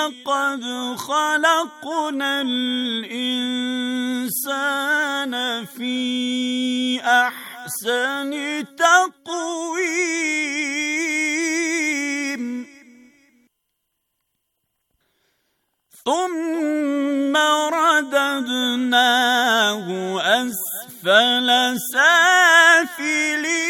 لقد خلقنا الانسان في احسن تقويم ثم رددناه اسفل سافلين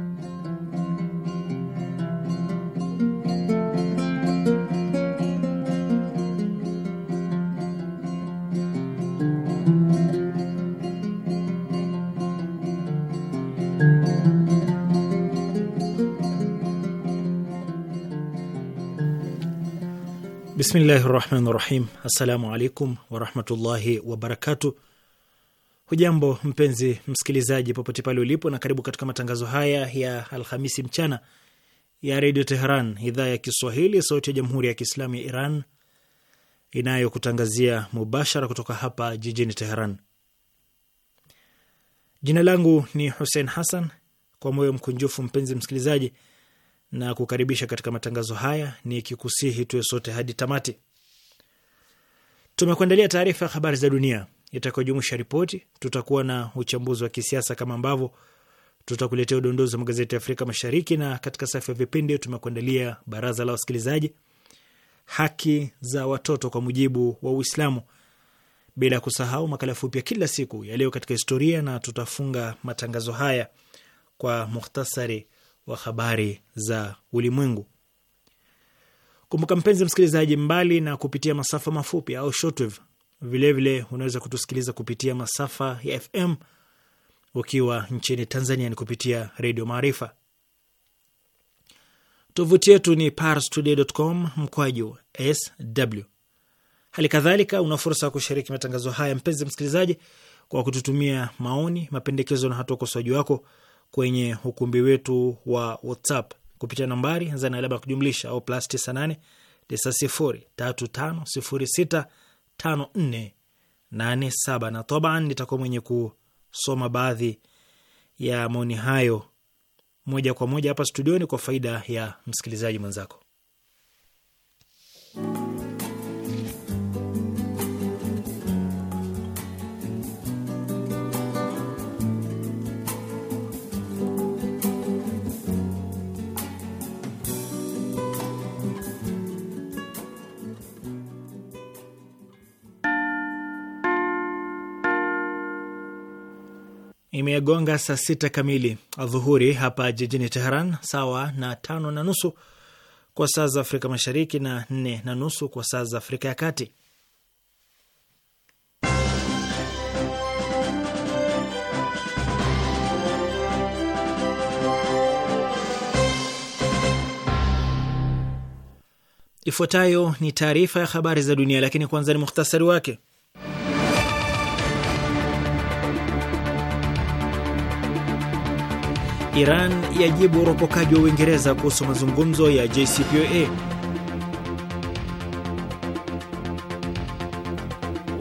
Bismillahi rahmani rahim. Assalamu alaikum warahmatullahi wabarakatu. Hujambo mpenzi msikilizaji, popote pale ulipo, na karibu katika matangazo haya ya Alhamisi mchana ya redio Teheran, idhaa ya Kiswahili, sauti ya jamhuri ya kiislamu ya Iran inayokutangazia mubashara kutoka hapa jijini Teheran. Jina langu ni Hussein Hassan. Kwa moyo mkunjufu, mpenzi msikilizaji na kukaribisha katika matangazo haya, ni kikusihi tuwe sote hadi tamati. Tumekuandalia taarifa ya habari za dunia itakayojumuisha ripoti, tutakuwa na uchambuzi wa kisiasa kama ambavyo tutakuletea udondozi wa magazeti ya Afrika Mashariki, na katika safu ya vipindi tumekuandalia baraza la wasikilizaji, haki za watoto kwa mujibu wa Uislamu, bila ya kusahau makala fupi ya kila siku yaliyo katika historia, na tutafunga matangazo haya kwa muhtasari wa habari za ulimwengu. Kumbuka mpenzi msikilizaji, mbali na kupitia masafa mafupi au shortwave, vilevile unaweza kutusikiliza kupitia masafa ya FM ukiwa nchini Tanzania ni kupitia Redio Maarifa. Tovuti yetu ni parstoday.com mkwaju sw. Hali kadhalika una fursa ya kushiriki matangazo haya, mpenzi msikilizaji, kwa kututumia maoni, mapendekezo na hata ukosoaji wako kwenye ukumbi wetu wa WhatsApp kupitia nambari za alama ya kujumlisha au plus 98 9035065487 na taban, nitakuwa mwenye kusoma baadhi ya maoni hayo moja kwa moja hapa studioni kwa faida ya msikilizaji mwenzako. imegonga saa sita kamili adhuhuri hapa jijini Teheran, sawa na tano na nusu kwa saa za Afrika Mashariki na nne na nusu kwa saa za Afrika ya Kati. Ifuatayo ni taarifa ya habari za dunia, lakini kwanza ni muhtasari wake. Iran yajibu uropokaji wa Uingereza kuhusu mazungumzo ya JCPOA.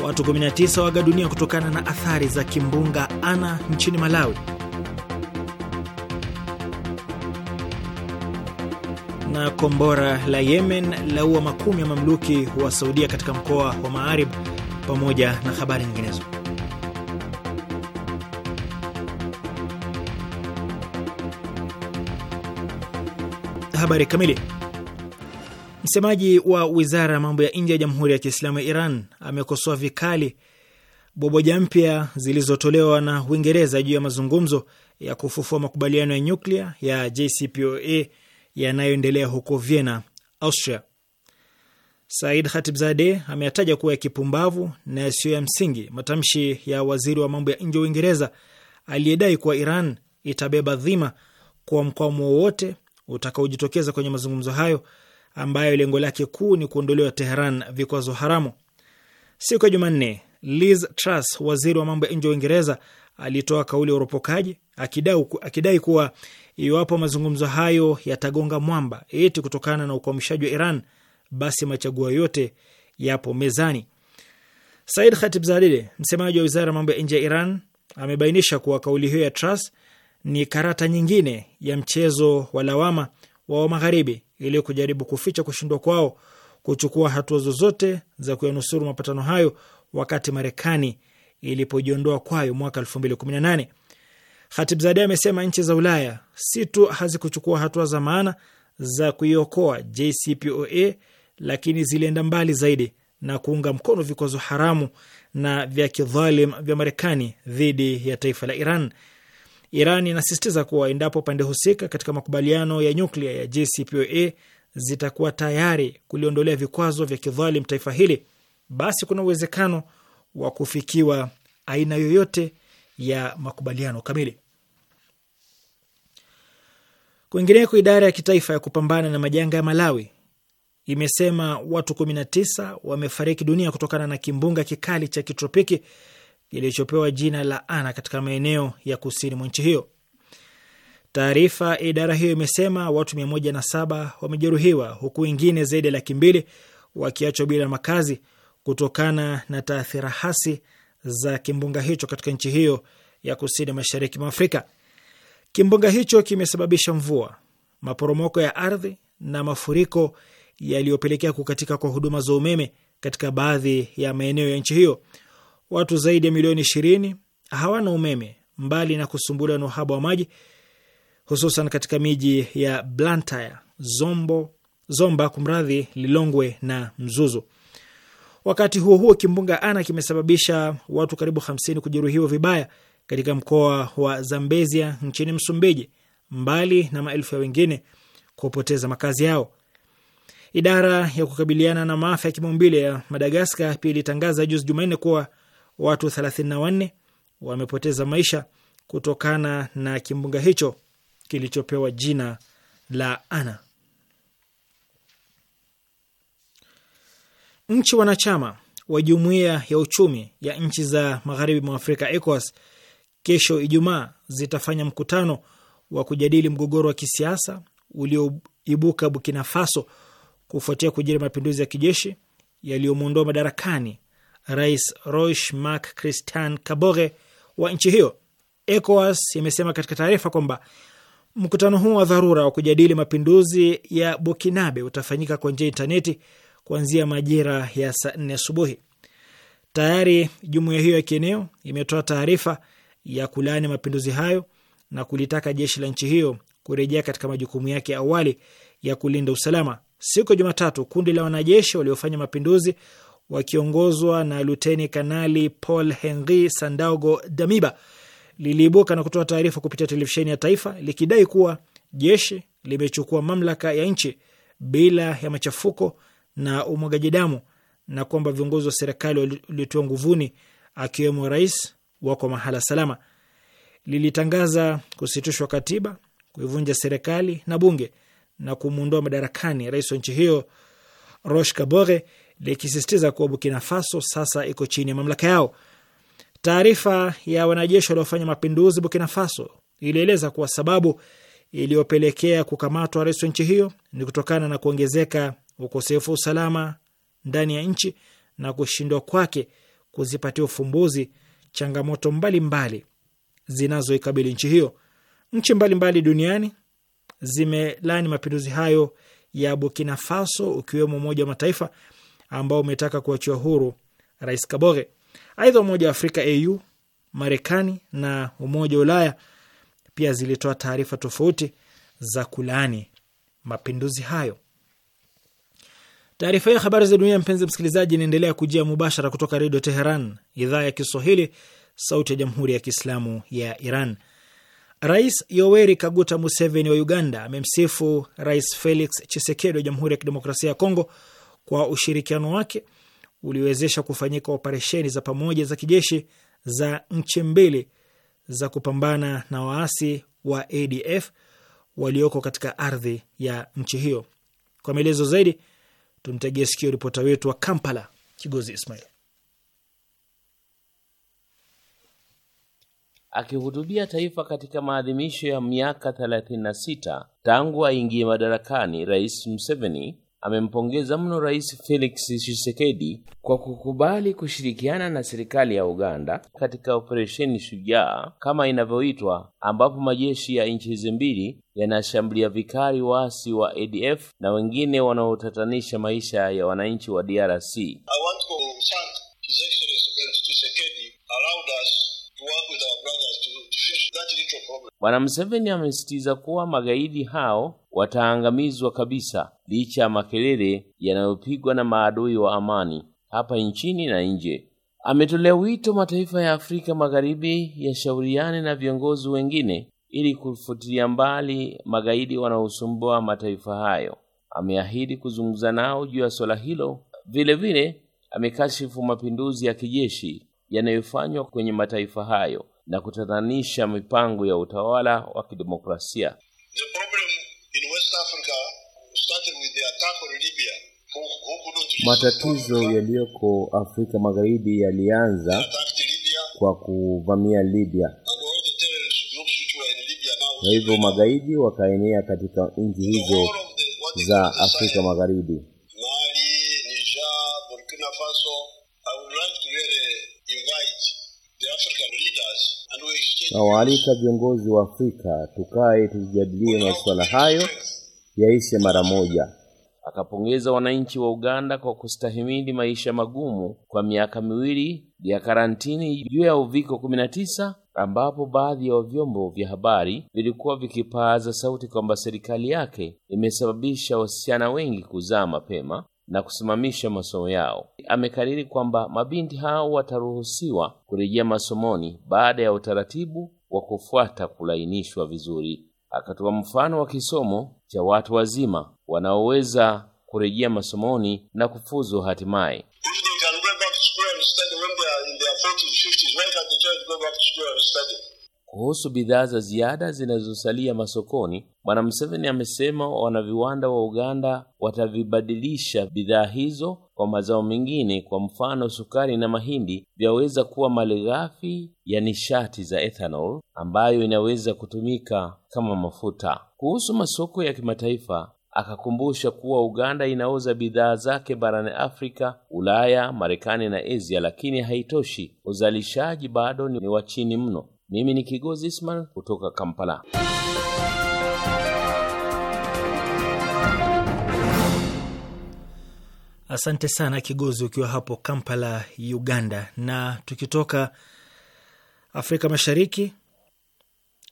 Watu 19 waaga dunia kutokana na athari za kimbunga Ana nchini Malawi. Na kombora la Yemen laua makumi ya mamluki wa Saudia katika mkoa wa Maarib pamoja na habari nyinginezo. Habari kamili. Msemaji wa wizara ya mambo ya nje ya Jamhuri ya Kiislamu ya Iran amekosoa vikali boboja mpya zilizotolewa na Uingereza juu ya mazungumzo ya kufufua makubaliano ya nyuklia ya JCPOA yanayoendelea huko Vienna, Austria. Said khatibzade ameyataja kuwa ya kipumbavu na yasiyo ya msingi matamshi ya waziri wa mambo ya nje wa Uingereza aliyedai kuwa Iran itabeba dhima kwa mkwamo wowote utakaojitokeza kwenye mazungumzo hayo ambayo lengo lake kuu ni kuondolewa Teheran vikwazo haramu. Siku ya Jumanne, Liz Truss, waziri wa mambo ya nje wa Uingereza, alitoa kauli ya uropokaji akidai kuwa iwapo mazungumzo hayo yatagonga mwamba eti kutokana na ukwamishaji wa Iran, basi machaguo yote yapo mezani. Said Khatibzadeh, msemaji wa wizara ya mambo ya nje ya Iran, amebainisha kuwa kauli hiyo ya Truss ni karata nyingine ya mchezo wa lawama wa Magharibi ili kujaribu kuficha kushindwa kwao kuchukua hatua zozote za kuyanusuru mapatano hayo wakati Marekani ilipojiondoa kwayo mwaka 2018. Khatibzadeh amesema nchi za Ulaya si tu hazikuchukua hatua za maana za kuiokoa JCPOA, lakini zilienda mbali zaidi na kuunga mkono vikwazo haramu na vya kidhalim vya Marekani dhidi ya taifa la Iran. Iran inasisitiza kuwa endapo pande husika katika makubaliano ya nyuklia ya JCPOA zitakuwa tayari kuliondolea vikwazo vya kidhalimu taifa hili, basi kuna uwezekano wa kufikiwa aina yoyote ya makubaliano kamili. Kwingineko, idara ya kitaifa ya kupambana na majanga ya Malawi imesema watu 19 wamefariki dunia kutokana na kimbunga kikali cha kitropiki ilichopewa jina la Ana katika maeneo ya kusini mwa nchi hiyo. Taarifa ya idara hiyo imesema watu 107 wamejeruhiwa huku wengine zaidi ya laki mbili wakiachwa bila makazi kutokana na taathira hasi za kimbunga hicho katika nchi hiyo ya kusini mashariki mwa Afrika. Kimbunga hicho kimesababisha mvua, maporomoko ya ardhi na mafuriko yaliyopelekea kukatika kwa huduma za umeme katika baadhi ya maeneo ya nchi hiyo watu zaidi ya milioni ishirini hawana umeme mbali na kusumbuliwa na uhaba wa maji hususan katika miji ya Blantyre, Zombo, Zomba kumradhi, Lilongwe na Mzuzu. Wakati huo huo, kimbunga Ana kimesababisha watu karibu 50 kujeruhiwa vibaya katika mkoa wa Zambezia nchini Msumbiji, mbali na maelfu ya wengine kupoteza makazi yao. Idara ya kukabiliana na maafa ya kimaumbile ya Madagaskar pia ilitangaza juzi Jumanne kuwa watu 34 wamepoteza maisha kutokana na kimbunga hicho kilichopewa jina la Ana. Nchi wanachama wa Jumuiya ya Uchumi ya Nchi za Magharibi mwa Afrika, ECOWAS, kesho Ijumaa zitafanya mkutano wa kujadili mgogoro wa kisiasa ulioibuka Burkina Faso kufuatia kujiri mapinduzi ya kijeshi yaliyomwondoa madarakani Rais Roch Marc Christian Kabore wa nchi hiyo. ECOWAS imesema katika taarifa kwamba mkutano huu wa dharura wa kujadili mapinduzi ya Bukinabe utafanyika kwa njia intaneti kuanzia majira ya saa nne asubuhi. Tayari jumuiya hiyo ya kieneo imetoa taarifa ya kulaani mapinduzi hayo na kulitaka jeshi la nchi hiyo kurejea katika majukumu yake awali ya kulinda usalama. Siku ya Jumatatu, kundi la wanajeshi waliofanya mapinduzi wakiongozwa na luteni kanali Paul Henri Sandaogo Damiba liliibuka na kutoa taarifa kupitia televisheni ya taifa likidai kuwa jeshi limechukua mamlaka ya nchi bila ya machafuko na umwagaji damu na kwamba viongozi wa serikali waliotiwa nguvuni akiwemo rais wako mahala salama. Lilitangaza kusitishwa katiba, kuivunja serikali na bunge na kumwondoa madarakani rais wa nchi hiyo Roch Kabore likisisitiza kuwa Burkina Faso sasa iko chini ya mamlaka yao. Taarifa ya wanajeshi waliofanya mapinduzi Burkina Faso ilieleza kuwa sababu iliyopelekea kukamatwa rais wa nchi hiyo ni kutokana na kuongezeka ukosefu wa usalama ndani ya nchi na kushindwa kwake kuzipatia ufumbuzi changamoto mbalimbali zinazoikabili nchi hiyo. Nchi mbalimbali duniani zimelani mapinduzi hayo ya Burkina Faso, ukiwemo Umoja wa Mataifa ambao umetaka kuachiwa huru Rais Kabore. Aidha, Umoja wa Afrika au Marekani na Umoja wa Ulaya pia zilitoa taarifa tofauti za kulaani mapinduzi hayo. Taarifa hiyo ya habari za dunia, mpenzi msikilizaji, inaendelea kujia mubashara kutoka Redio Teheran, idhaa ya Kiswahili, sauti ya Jamhuri ya Kiislamu ya Iran. Rais Yoweri Kaguta Museveni wa Uganda amemsifu Rais Felix Chisekedi wa Jamhuri ya Kidemokrasia ya Kongo kwa ushirikiano wake uliwezesha kufanyika operesheni za pamoja za kijeshi za nchi mbili za kupambana na waasi wa ADF walioko katika ardhi ya nchi hiyo. Kwa maelezo zaidi, tumtegee sikio ripota wetu wa Kampala, Kigozi Ismail. Akihutubia taifa katika maadhimisho ya miaka 36 tangu aingie madarakani, Rais Museveni amempongeza mno Rais Felix Tshisekedi kwa kukubali kushirikiana na serikali ya Uganda katika operesheni Shujaa kama inavyoitwa, ambapo majeshi ya nchi hizi mbili yanashambulia vikali waasi wa ADF na wengine wanaotatanisha maisha ya wananchi wa DRC. I want to thank His Excellency Tshisekedi allowed us to work with our brother Bwana Museveni amesisitiza kuwa magaidi hao wataangamizwa kabisa licha ya makelele yanayopigwa na maadui wa amani hapa nchini na nje. Ametolea wito mataifa ya Afrika Magharibi yashauriane na viongozi wengine ili kufutilia mbali magaidi wanaosumbua mataifa hayo. Ameahidi kuzungumza nao juu ya swala hilo. Vilevile amekashifu mapinduzi ya kijeshi yanayofanywa kwenye mataifa hayo na kutatanisha mipango ya utawala wa kidemokrasia. Matatizo yaliyoko Afrika Magharibi yalianza kwa kuvamia Libya, na hivyo magaidi wakaenea katika nchi hizo za Afrika Magharibi. nawaalika viongozi wa Afrika tukae tujadilie masuala hayo yaishe mara moja. Akapongeza wananchi wa Uganda kwa kustahimili maisha magumu kwa miaka miwili ya karantini juu ya uviko 19 ambapo baadhi ya vyombo vya habari vilikuwa vikipaaza sauti kwamba serikali yake imesababisha wasichana wengi kuzaa mapema na kusimamisha masomo yao. Amekariri kwamba mabinti hao wataruhusiwa kurejea masomoni baada ya utaratibu wa kufuata kulainishwa vizuri. Akatoa mfano wa kisomo cha watu wazima wanaoweza kurejea masomoni na kufuzu hatimaye. Kuhusu bidhaa za ziada zinazosalia masokoni, Bwana Museveni amesema wanaviwanda wa Uganda watavibadilisha bidhaa hizo kwa mazao mengine, kwa mfano sukari na mahindi vyaweza kuwa malighafi ya nishati za ethanol ambayo inaweza kutumika kama mafuta. Kuhusu masoko ya kimataifa, akakumbusha kuwa Uganda inauza bidhaa zake barani Afrika, Ulaya, Marekani na Asia, lakini haitoshi. Uzalishaji bado ni wa chini mno. Mimi ni Kigozi Ismail kutoka Kampala. Asante sana Kigozi, ukiwa hapo Kampala, Uganda. Na tukitoka Afrika Mashariki,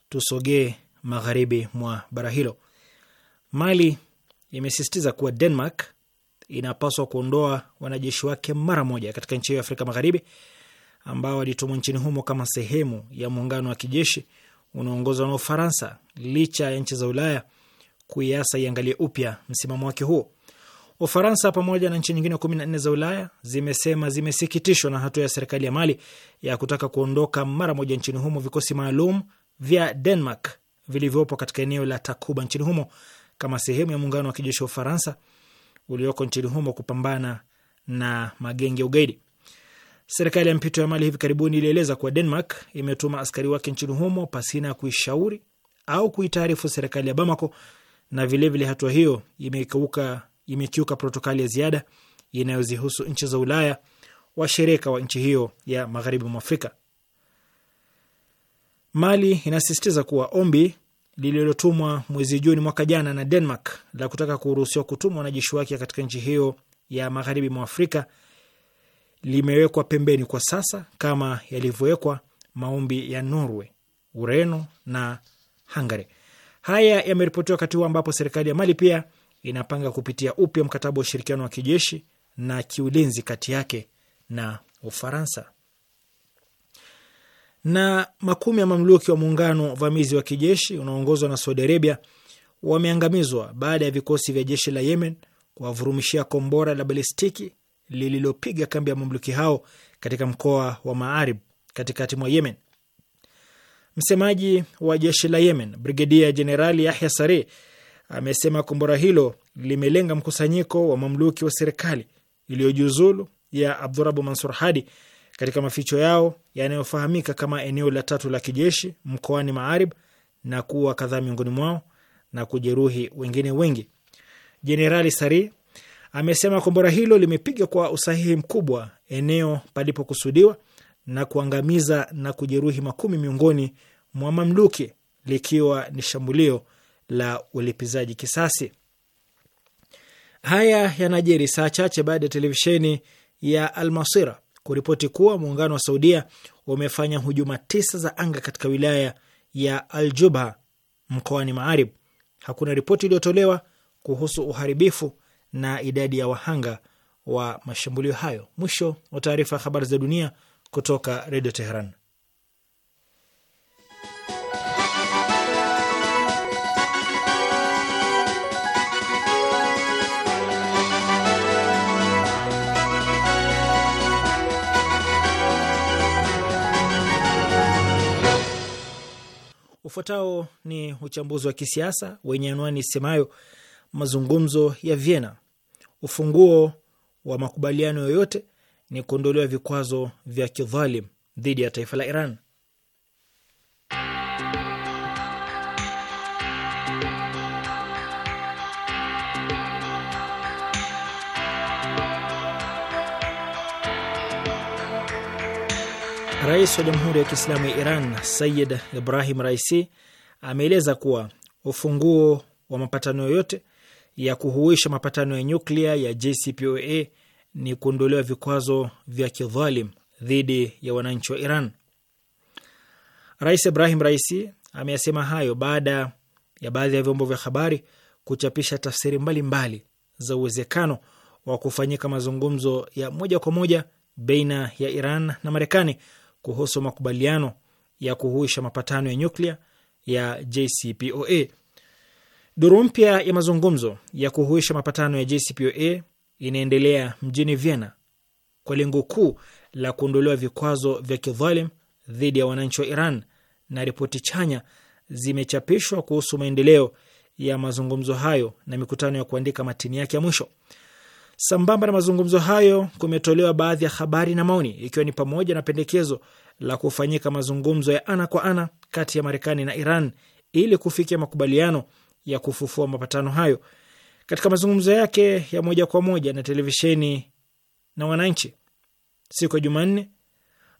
tusogee magharibi mwa bara hilo. Mali imesisitiza kuwa Denmark inapaswa kuondoa wanajeshi wake mara moja katika nchi hiyo ya Afrika Magharibi ambao walitumwa nchini humo kama sehemu ya muungano wa kijeshi unaoongozwa na Ufaransa, licha ya nchi za Ulaya kuiasa iangalie upya msimamo wake huo. Ufaransa pamoja na nchi nyingine kumi na nne za Ulaya zimesema zimesikitishwa na hatua ya serikali ya Mali ya kutaka kuondoka mara moja nchini humo vikosi maalum vya Denmark vilivyopo katika eneo la Takuba nchini humo kama sehemu ya muungano wa kijeshi wa Ufaransa ulioko nchini humo kupambana na magenge ya ugaidi. Serikali ya mpito ya Mali hivi karibuni ilieleza kuwa Denmark imetuma askari wake nchini humo pasina ya kuishauri au kuitaarifu serikali ya Bamako, na vilevile hatua hiyo imekiuka protokali ya ziada inayozihusu nchi za Ulaya, washirika wa nchi hiyo ya magharibi mwa Afrika. Mali inasisitiza kuwa ombi lililotumwa mwezi Juni mwaka jana na Denmark la kutaka kuruhusiwa kutuma wanajeshi wake katika nchi hiyo ya magharibi mwa Afrika limewekwa pembeni kwa sasa kama yalivyowekwa maombi ya Norway, Ureno na Hungary. Haya yameripotiwa wakati huu ambapo serikali ya Mali pia inapanga kupitia upya mkataba wa ushirikiano wa kijeshi na kiulinzi kati yake na Ufaransa. Na makumi ya mamluki wa muungano vamizi wa kijeshi unaoongozwa na Saudi Arabia wameangamizwa baada ya vikosi vya jeshi la Yemen kuwavurumishia kombora la balistiki lililopiga kambi ya mamluki hao katika mkoa wa Maarib katikati mwa Yemen. Msemaji wa jeshi la Yemen, Brigedia Jenerali Yahya Sari, amesema kombora hilo limelenga mkusanyiko wa mamluki wa serikali iliyojiuzulu ya Abdurabu Mansur Hadi katika maficho yao yanayofahamika kama eneo la tatu la kijeshi mkoani Maarib na kuwa kadhaa miongoni mwao na kujeruhi wengine wengi. Jenerali Sari amesema kombora hilo limepiga kwa usahihi mkubwa eneo palipokusudiwa na kuangamiza na kujeruhi makumi miongoni mwa mamluki likiwa ni shambulio la ulipizaji kisasi. Haya yanajiri saa chache baada ya televisheni ya Almasira kuripoti kuwa muungano wa Saudia umefanya hujuma tisa za anga katika wilaya ya al jubha mkoani Maarib. Hakuna ripoti iliyotolewa kuhusu uharibifu na idadi ya wahanga wa mashambulio hayo. Mwisho wa taarifa ya habari za dunia kutoka Redio Teheran. Ufuatao ni uchambuzi wa kisiasa wenye anwani isemayo mazungumzo ya Vienna. Ufunguo wa makubaliano yoyote ni kuondolewa vikwazo vya kidhalim dhidi ya taifa la Iran. Rais wa Jamhuri ya Kiislamu ya Iran Sayid Ibrahim Raisi ameeleza kuwa ufunguo wa mapatano yoyote ya kuhuisha mapatano ya nyuklia ya JCPOA ni kuondolewa vikwazo vya kidhalim dhidi ya wananchi wa Iran. Rais Ibrahim Raisi ameyasema hayo baada ya baadhi ya vyombo vya habari kuchapisha tafsiri mbalimbali mbali za uwezekano wa kufanyika mazungumzo ya moja kwa moja baina ya Iran na Marekani kuhusu makubaliano ya kuhuisha mapatano ya nyuklia ya JCPOA. Duru mpya ya mazungumzo ya kuhuisha mapatano ya JCPOA inaendelea mjini Vienna kwa lengo kuu la kuondolewa vikwazo vya kidhalim dhidi ya wananchi wa Iran, na ripoti chanya zimechapishwa kuhusu maendeleo ya mazungumzo hayo na mikutano ya kuandika matini yake ya mwisho. Sambamba na mazungumzo hayo, kumetolewa baadhi ya habari na maoni, ikiwa ni pamoja na pendekezo la kufanyika mazungumzo ya ana kwa ana kati ya Marekani na Iran ili kufikia makubaliano ya kufufua mapatano hayo. Katika mazungumzo yake ya moja kwa moja na televisheni na wananchi siku ya Jumanne,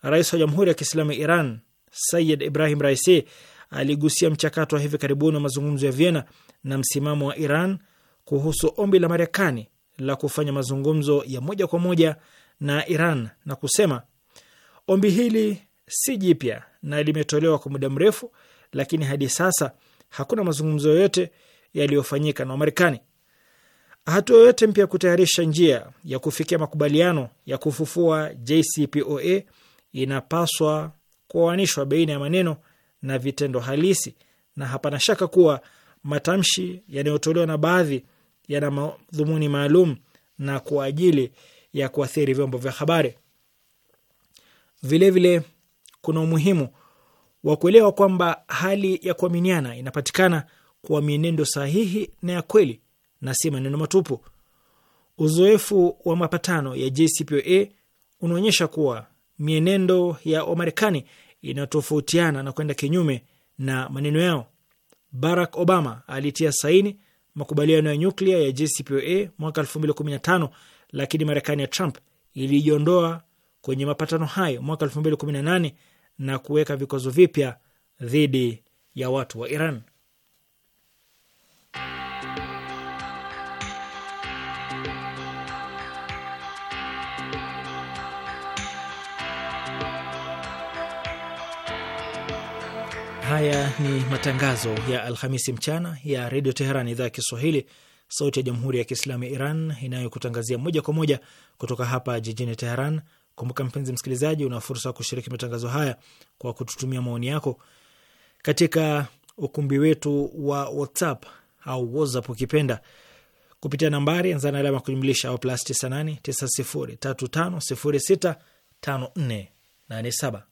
rais wa Jamhuri ya Kiislamu ya Iran Sayid Ibrahim Raisi aligusia mchakato wa hivi karibuni wa mazungumzo ya Vienna na msimamo wa Iran kuhusu ombi la Marekani la kufanya mazungumzo ya moja kwa moja na Iran na kusema ombi hili si jipya na limetolewa kwa muda mrefu, lakini hadi sasa hakuna mazungumzo yoyote yaliyofanyika na Wamarekani. Hatua yoyote mpya ya kutayarisha njia ya kufikia makubaliano ya kufufua JCPOA inapaswa kuoanishwa baina ya maneno na vitendo halisi, na hapana shaka kuwa matamshi yanayotolewa na baadhi yana madhumuni maalum na kwa ajili ya kuathiri vyombo vya habari. Vilevile, kuna umuhimu wa kuelewa kwamba hali ya kuaminiana inapatikana kwa mienendo sahihi na ya kweli na si maneno matupu. Uzoefu wa mapatano ya JCPOA unaonyesha kuwa mienendo ya Wamarekani inatofautiana na kwenda kinyume na maneno yao. Barack Obama alitia saini makubaliano ya nyuklia ya JCPOA mwaka 2015 lakini Marekani ya Trump ilijiondoa kwenye mapatano hayo mwaka 2018 na kuweka vikwazo vipya dhidi ya watu wa Iran. Haya ni matangazo ya Alhamisi mchana ya Redio Teheran, idhaa ya Kiswahili, sauti ya Jamhuri ya Kiislamu ya Iran inayokutangazia moja kwa moja kutoka hapa jijini Teheran. Kumbuka mpenzi msikilizaji, una fursa ya kushiriki matangazo haya kwa kututumia maoni yako katika ukumbi wetu wa WhatsApp au WhatsApp ukipenda kupitia nambari anza na alama kujumlisha au plus tisa nane tisa sifuri tatu tano saba.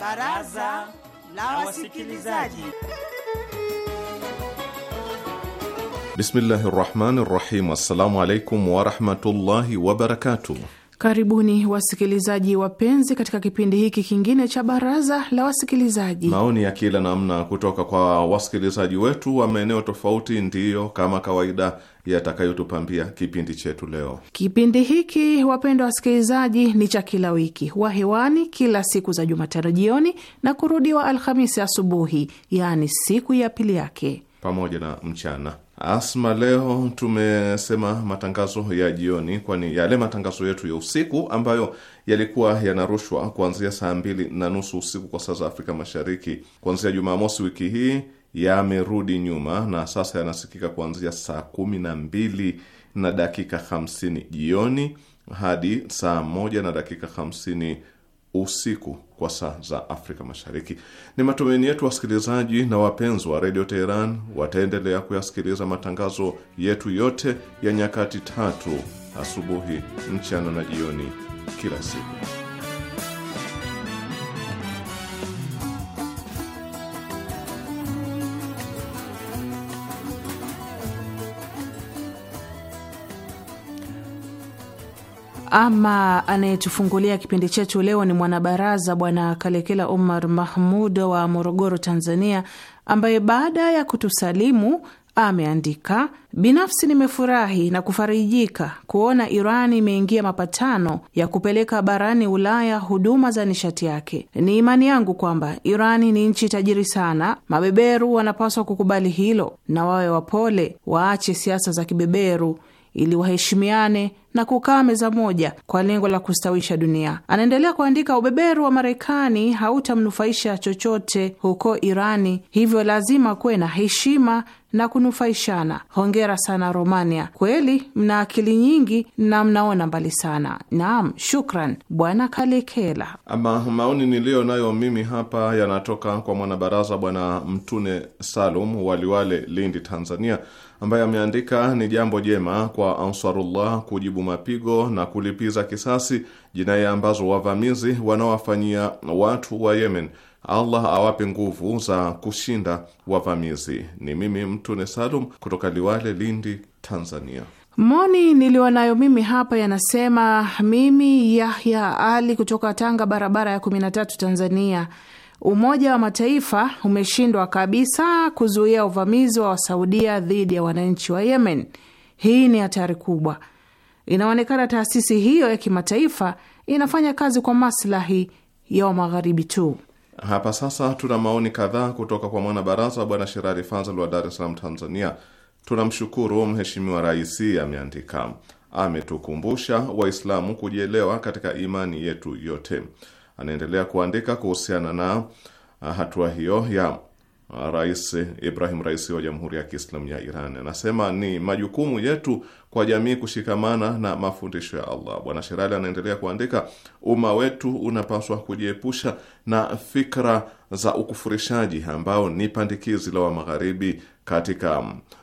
Baraza la Wasikilizaji. Bismillahi rahmani rahim. Assalamu alaikum warahmatullahi wabarakatuh. Karibuni wasikilizaji wapenzi, katika kipindi hiki kingine cha baraza la wasikilizaji. Maoni ya kila namna kutoka kwa wasikilizaji wetu wa maeneo tofauti ndiyo kama kawaida yatakayotupambia kipindi chetu leo. Kipindi hiki, wapendwa wasikilizaji, ni cha kila wiki, huwa hewani kila siku za Jumatano jioni na kurudiwa Alhamisi asubuhi, yaani siku ya pili yake pamoja na mchana. Asma, leo tumesema matangazo ya jioni, kwani yale matangazo yetu ya usiku ambayo yalikuwa yanarushwa kuanzia saa mbili na nusu usiku kwa saa za Afrika Mashariki kuanzia Jumamosi wiki hii yamerudi nyuma na sasa yanasikika kuanzia saa kumi na mbili na dakika hamsini jioni hadi saa moja na dakika hamsini usiku kwa saa za Afrika Mashariki. Ni matumaini yetu wasikilizaji na wapenzi wa redio Teheran wataendelea kuyasikiliza matangazo yetu yote ya nyakati tatu, asubuhi, mchana na jioni, kila siku. Ama anayetufungulia kipindi chetu leo ni mwanabaraza Bwana Kalekela Omar Mahmud wa Morogoro, Tanzania, ambaye baada ya kutusalimu ameandika: binafsi nimefurahi na kufarijika kuona Irani imeingia mapatano ya kupeleka barani Ulaya huduma za nishati yake. Ni imani yangu kwamba Irani ni nchi tajiri sana. Mabeberu wanapaswa kukubali hilo na wawe wapole, waache siasa za kibeberu ili waheshimiane na kukaa meza moja kwa lengo la kustawisha dunia. Anaendelea kuandika, ubeberu wa Marekani hautamnufaisha chochote huko Irani, hivyo lazima kuwe na heshima na kunufaishana. Hongera sana Romania, kweli mna akili nyingi na mnaona mbali sana. Naam, shukran bwana Kalekela. Ama maoni niliyo nayo mimi hapa yanatoka kwa mwanabaraza bwana Mtune Salum Waliwale, Lindi, Tanzania ambaye ameandika ni jambo jema kwa Ansarullah kujibu mapigo na kulipiza kisasi jinai ambazo wavamizi wanawafanyia watu wa Yemen. Allah awape nguvu za kushinda wavamizi. Ni mimi Mtune Salum kutoka Liwale, Lindi, Tanzania. Moni niliyo nayo mimi hapa yanasema, mimi Yahya Ali kutoka Tanga, barabara ya kumi na tatu, Tanzania. Umoja wa Mataifa umeshindwa kabisa kuzuia uvamizi wa Wasaudia dhidi ya wananchi wa Yemen. Hii ni hatari kubwa. Inaonekana taasisi hiyo ya kimataifa inafanya kazi kwa maslahi ya Wamagharibi tu. Hapa sasa tuna maoni kadhaa kutoka kwa mwanabaraza Bwana Sherari Fazl wa Dar es Salaam, Tanzania. Tunamshukuru Mheshimiwa Raisi, ameandika ametukumbusha Waislamu kujielewa katika imani yetu yote anaendelea kuandika kuhusiana na uh, hatua hiyo ya uh, Rais Ibrahim Raisi wa Jamhuri ya Kiislamu ya Iran. Anasema ni majukumu yetu kwa jamii kushikamana na mafundisho ya Allah. Bwana Sherali anaendelea kuandika, umma wetu unapaswa kujiepusha na fikra za ukufurishaji ambao ni pandikizi la wa magharibi katika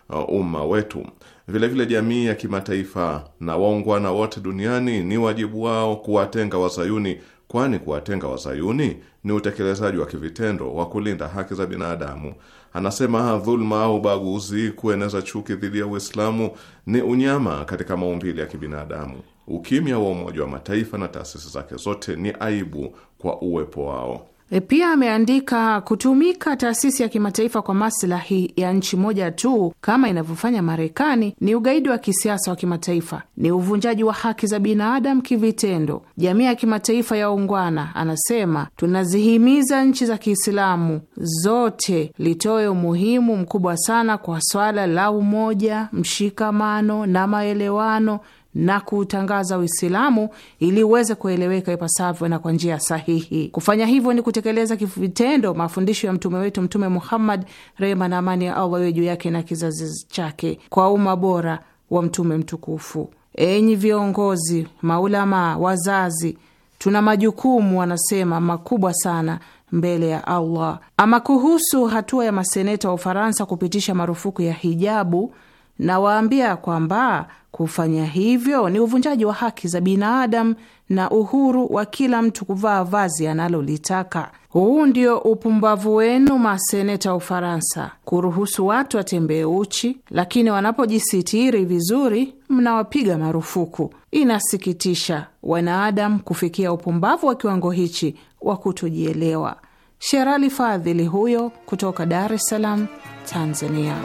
uh, umma wetu. Vilevile vile jamii ya kimataifa na waungwana wote duniani ni wajibu wao kuwatenga wazayuni kwani kuwatenga wazayuni ni utekelezaji wa kivitendo wa kulinda haki za binadamu. Anasema dhuluma au ubaguzi, kueneza chuki dhidi ya Uislamu ni unyama katika maumbili ya kibinadamu. Ukimya wa Umoja wa Mataifa na taasisi zake zote ni aibu kwa uwepo wao. E, pia ameandika kutumika taasisi ya kimataifa kwa maslahi ya nchi moja tu kama inavyofanya Marekani ni ugaidi wa kisiasa wa kimataifa, ni uvunjaji wa haki za binadamu kivitendo. Jamii ya kimataifa ya ungwana, anasema, tunazihimiza nchi za Kiislamu zote litoe umuhimu mkubwa sana kwa swala la umoja, mshikamano na maelewano na kuutangaza Uislamu ili uweze kueleweka ipasavyo na kwa njia sahihi. Kufanya hivyo ni kutekeleza kivitendo mafundisho ya mtume wetu Mtume Muhammad, rehma na amani ya Allah iwe juu yake na kizazi chake, kwa umma bora wa mtume mtukufu. Enyi viongozi, maulamaa, wazazi, tuna majukumu wanasema makubwa sana mbele ya Allah. Ama kuhusu hatua ya maseneta wa Ufaransa kupitisha marufuku ya hijabu Nawaambia kwamba kufanya hivyo ni uvunjaji wa haki za binadamu na uhuru wa kila mtu kuvaa vazi analolitaka. Huu ndio upumbavu wenu, maseneta wa Ufaransa, kuruhusu watu watembee uchi, lakini wanapojisitiri vizuri mnawapiga marufuku. Inasikitisha wanadamu kufikia upumbavu wa kiwango hichi wa kutojielewa. Sherali Fadhili huyo kutoka Dar es Salaam, Tanzania.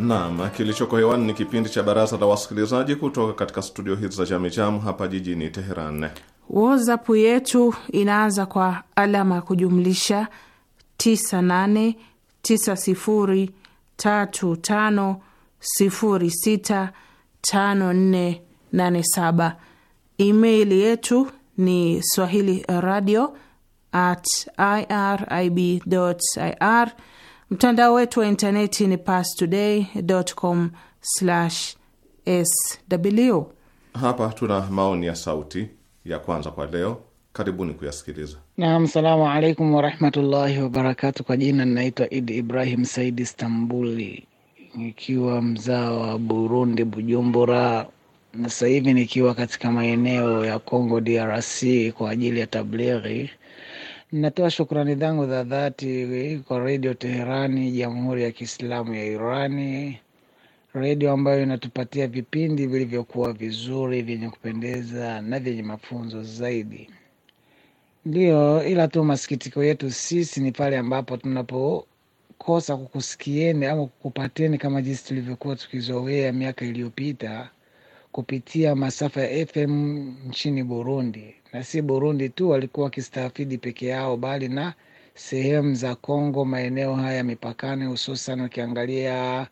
Naam, kilichoko hewani ni kipindi cha baraza la wasikilizaji kutoka katika studio hizi za Jamijam hapa jijini Teheran. WhatsApp yetu inaanza kwa alama ya kujumlisha 989035065487. Email yetu ni swahili radio at irib.ir Mtandao wetu wa intaneti ni pastoday.com/sw. Hapa tuna maoni ya sauti ya kwanza kwa leo, karibuni kuyasikiliza. Naam, salamu alaikum warahmatullahi wabarakatu. Kwa jina ninaitwa Idi Ibrahim Saidi Stambuli, nikiwa mzaa wa Burundi, Bujumbura, na sasa hivi nikiwa katika maeneo ya Congo DRC kwa ajili ya tablighi Ninatoa shukrani zangu za dhati kwa Redio Teherani, Jamhuri ya Kiislamu ya Irani, redio ambayo inatupatia vipindi vilivyokuwa vizuri, vyenye kupendeza na vyenye mafunzo zaidi. Ndiyo, ila tu masikitiko yetu sisi ni pale ambapo tunapokosa kukusikieni ama kukupateni kama jinsi tulivyokuwa tukizoea miaka iliyopita kupitia masafa ya FM nchini Burundi na si Burundi tu walikuwa wakistaafidi peke yao, bali na sehemu za Kongo, maeneo haya mipakani, hususan ukiangalia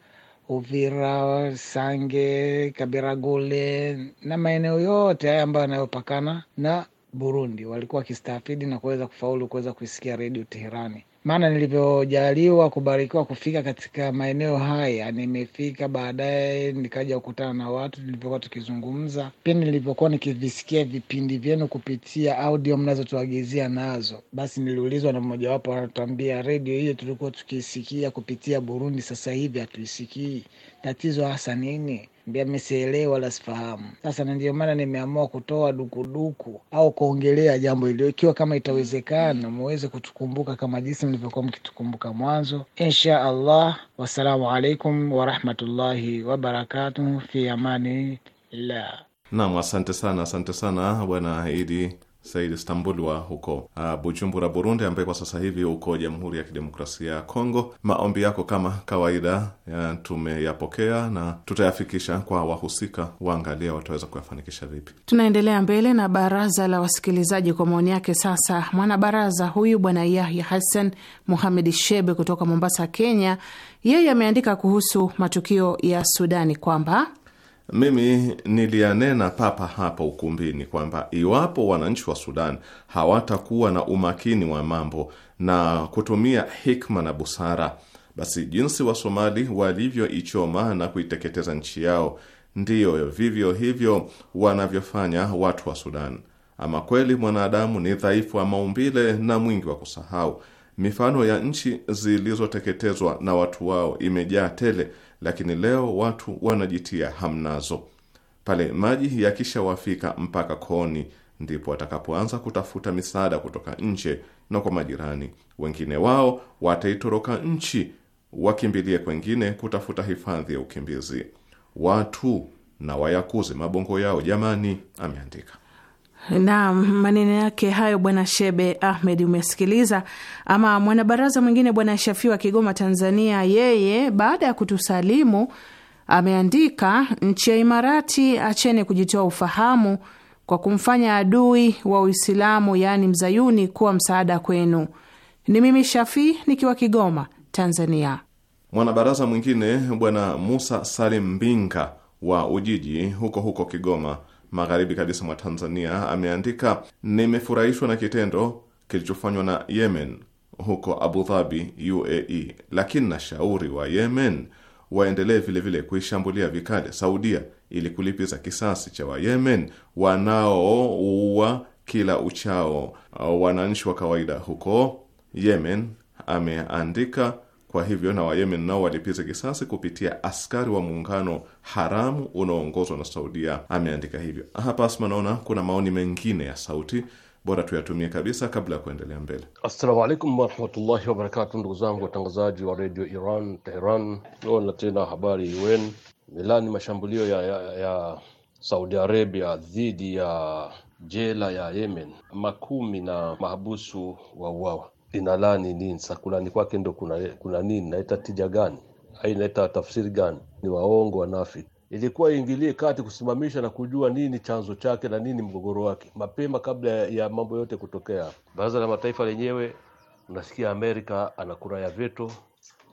Uvira, Sange, Kabiragule na maeneo yote haya ambayo yanayopakana na Burundi walikuwa wakistaafidi na kuweza kufaulu kuweza kuisikia redio Teherani maana nilivyojaliwa kubarikiwa kufika katika maeneo haya, nimefika baadaye, nikaja kukutana na watu tulivyokuwa tukizungumza, pia nilivyokuwa nikivisikia vipindi vyenu kupitia audio mnazotuagizia nazo. Basi niliulizwa na mmojawapo, anatuambia redio hiyo tulikuwa tukisikia kupitia Burundi, sasa hivi hatuisikii. Tatizo hasa nini? ambia misielewa wala sifahamu. Sasa na ndio maana nimeamua kutoa dukuduku au kuongelea jambo hilo, ikiwa kama itawezekana muweze kutukumbuka kama jinsi mlivyokuwa mkitukumbuka mwanzo, insha Allah. Wassalamu alaikum warahmatullahi wabarakatuh, fi amani la. Naam, asante sana, asante sana bwana Idi Said Stambulwa huko uh, Bujumbura, Burundi, ambaye kwa sasa hivi huko Jamhuri ya Kidemokrasia ya Kongo. Maombi yako kama kawaida ya tumeyapokea na tutayafikisha kwa wahusika, waangalia wataweza kuyafanikisha vipi. Tunaendelea mbele na baraza la wasikilizaji kwa maoni yake. Sasa mwanabaraza huyu Bwana Yahya Hassan Muhamedi Shebe kutoka Mombasa, Kenya, yeye ameandika kuhusu matukio ya Sudani kwamba mimi niliyanena papa hapa ukumbini kwamba iwapo wananchi wa Sudan hawatakuwa na umakini wa mambo na kutumia hikma na busara, basi jinsi wa somali walivyoichoma na kuiteketeza nchi yao, ndiyo vivyo hivyo wanavyofanya watu wa Sudan. Ama kweli mwanadamu ni dhaifu wa maumbile na mwingi wa kusahau. Mifano ya nchi zilizoteketezwa na watu wao imejaa tele lakini leo watu wanajitia hamnazo. Pale maji yakishawafika mpaka kooni, ndipo watakapoanza kutafuta misaada kutoka nje na kwa majirani. Wengine wao wataitoroka nchi wakimbilie kwengine kutafuta hifadhi ya ukimbizi. Watu na wayakuze mabongo yao jamani, ameandika. Naam, maneno yake hayo bwana Shebe Ahmed umesikiliza. Ama mwanabaraza mwingine bwana Shafii wa Kigoma, Tanzania, yeye baada ya kutusalimu ameandika, nchi ya Imarati achene kujitoa ufahamu kwa kumfanya adui wa Uislamu yaani mzayuni kuwa msaada kwenu. Ni mimi shafi nikiwa Kigoma, Tanzania. Mwanabaraza mwingine bwana Musa Salim Mbinga wa Ujiji huko huko Kigoma magharibi kabisa mwa Tanzania ameandika, nimefurahishwa na kitendo kilichofanywa na Yemen huko Abu Dhabi, UAE, lakini nashauri wa Yemen waendelee vilevile kuishambulia vikali Saudia ili kulipiza kisasi cha Wayemen wanaoua kila uchao wananchi wa kawaida huko Yemen, ameandika kwa hivyo na Wayemen nao walipiza kisasi kupitia askari wa muungano haramu unaoongozwa na Saudia. Ameandika hivyo hapa. Asma, naona kuna maoni mengine ya sauti, bora tuyatumie kabisa kabla ya kuendelea mbele. Assalamu alaikum warahmatullahi wabarakatu, ndugu zangu watangazaji wa redio Iran Teheran. ona tena habari UN milani mashambulio ya, ya, ya Saudi Arabia dhidi ya jela ya Yemen, makumi na mahabusu wa uawa inalaani nini? Sakulani kwake ndo kuna, kuna nini? Naita tija gani? au naita tafsiri gani? Ni waongo wanafi Ilikuwa iingilie kati kusimamisha na kujua nini chanzo chake na nini mgogoro wake mapema kabla ya mambo yote kutokea. Baraza la Mataifa lenyewe unasikia Amerika ana kura ya veto,